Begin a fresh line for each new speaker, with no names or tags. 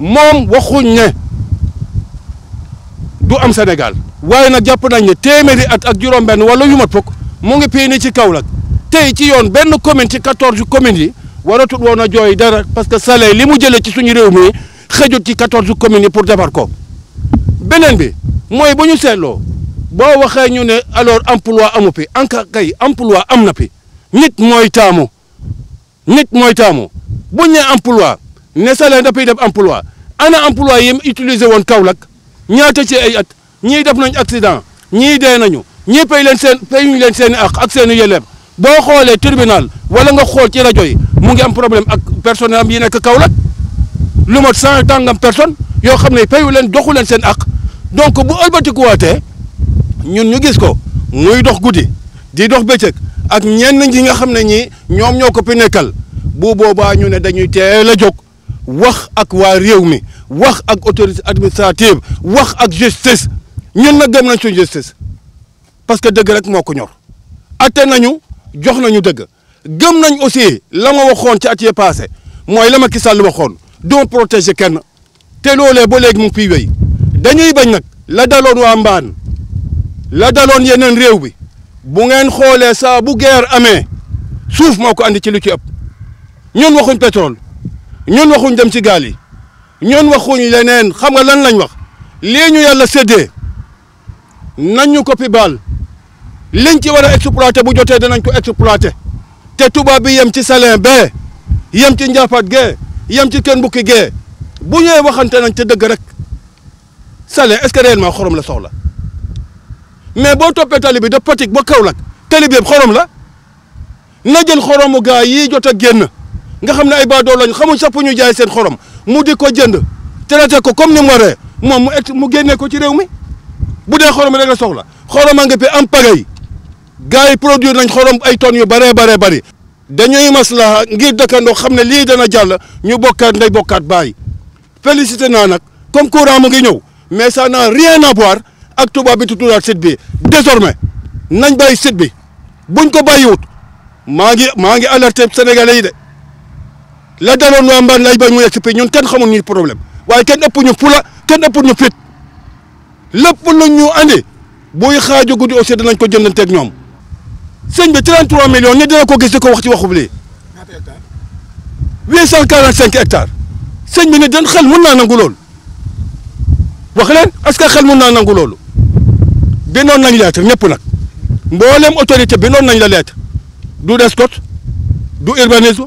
moom waxuñ ne du am Sénégal waaye na jàpp nañ ne téeméeri at ak juróom-benn wala yu mat fukk mu ngi pii ni ci kawlak tey ci yoon benn commune ci quatorze communes yi waratul woon a jooy dara parce que Sale li mu jëlee ci suñu réew mi xëjut ci quatorze communes yi pour defar ko beneen bi mooy bu ñu seetloo boo waxee ñu ne alors emploi amu fi anka kay emploi am na fi nit mooy taamu nit mooy taamu buñ ne emploi ne Nessalé dafay def emploi ana emploi yi mu utilisé woon Kaolack ñaata ci ay ñii def nañ accident ñii dee nañu ñii pay leen seen payuñu leen seen i àq ak seen i yelleef boo xoolee tirbinal wala nga xool ci rajo yi mu ngi am problème ak personnel am yi nekk Kaolack lu mot cent tàngam personne yoo xam ne payu leen doxu leen seen àq donc bu ëlbatikuwaatee ñun ñu gis ko muy dox guddi di dox bëccëg ak ñenn ñi nga xam ne ñii ñoom ñoo ko fi nekkal bu boobaa ñu ne dañuy teel a jóg. wax ak waa réew mi wax ak autorité administrative wax ak justice ñun na gëm nañ suñu justice parce que dëgg rek moo ko ñor atte nañu jox nañu dëgg gëm nañ aussi la ma waxoon ci at yee passé mooy la ma Macky waxoon doo protéger kenn te loolee ba léegi mu ngi fiy wéy dañuy bañ nag la daloon waa ambaan la daloon yeneen réew bi bu ngeen xoolee saa bu guerre amee suuf moo ko andi ci lu ci ëpp ñun waxuñ pétrole ñoon waxuñ dem ci gaal yi ñun waxuñ leneen xam nga lan lañ wax lii ñu yàlla séddee nañu ñu ko fi baal liñ ci war a exploité bu jotee danañ ko exploité te tubaab bi yem ci Salin bee yem ci Njaafaat gee yem ci Kën Bukki gee bu ñëwee waxante nañ te dëgg rek Salin est-ce que réellement xorom la soxla mais boo toppee tali bi de Fatick ba Kaolack tali bi xorom la na jël xoromu gaa yi jot a génn. nga xam ne ay baadoo lañ xamuñ sax pour ñu jaay seen xorom mu di ko jënd traité ko comme ni mu waree moom mu egg mu génnee ko ci rew mi bu dee xorom rek la soxla xorom a nga fi am pagay yi produire nañ xorom ay tonnes yu bëree bëree bëri. dañuy maslaa ngir dëkkandoo xam ne lii dana jàll ñu bokkaat ndey bokkaat baay félicité naa nag comme courant mu ngi ñëw mais sa n'a rien à voir ak tubaab bi tuturaat site bi désormais nañ bàyyi site bi buñ ko bàyyiwut maa ngi maa ngi alerté sénégalais yi de. la daloon waa mbaan lay bay mu yegg si ñun kenn xamul ñuy problème waaye kenn ëpp ñu fula kenn ëpp ñu fit lépp lu ñu andi buy xaaju guddi aussi danañ ko jëndanteeg ñoom sëñ bi 33 millions ñu dina ko gis di ko wax ci waxu lii cinq hectares sëñ bi ne den xel mun naa nangu loolu wax leen est que xel mun naa nangu loolu bindoon nañ lettre ñëpp nag mboolem autorité bindoon nañ la lettre du DSCOS du urbanisme.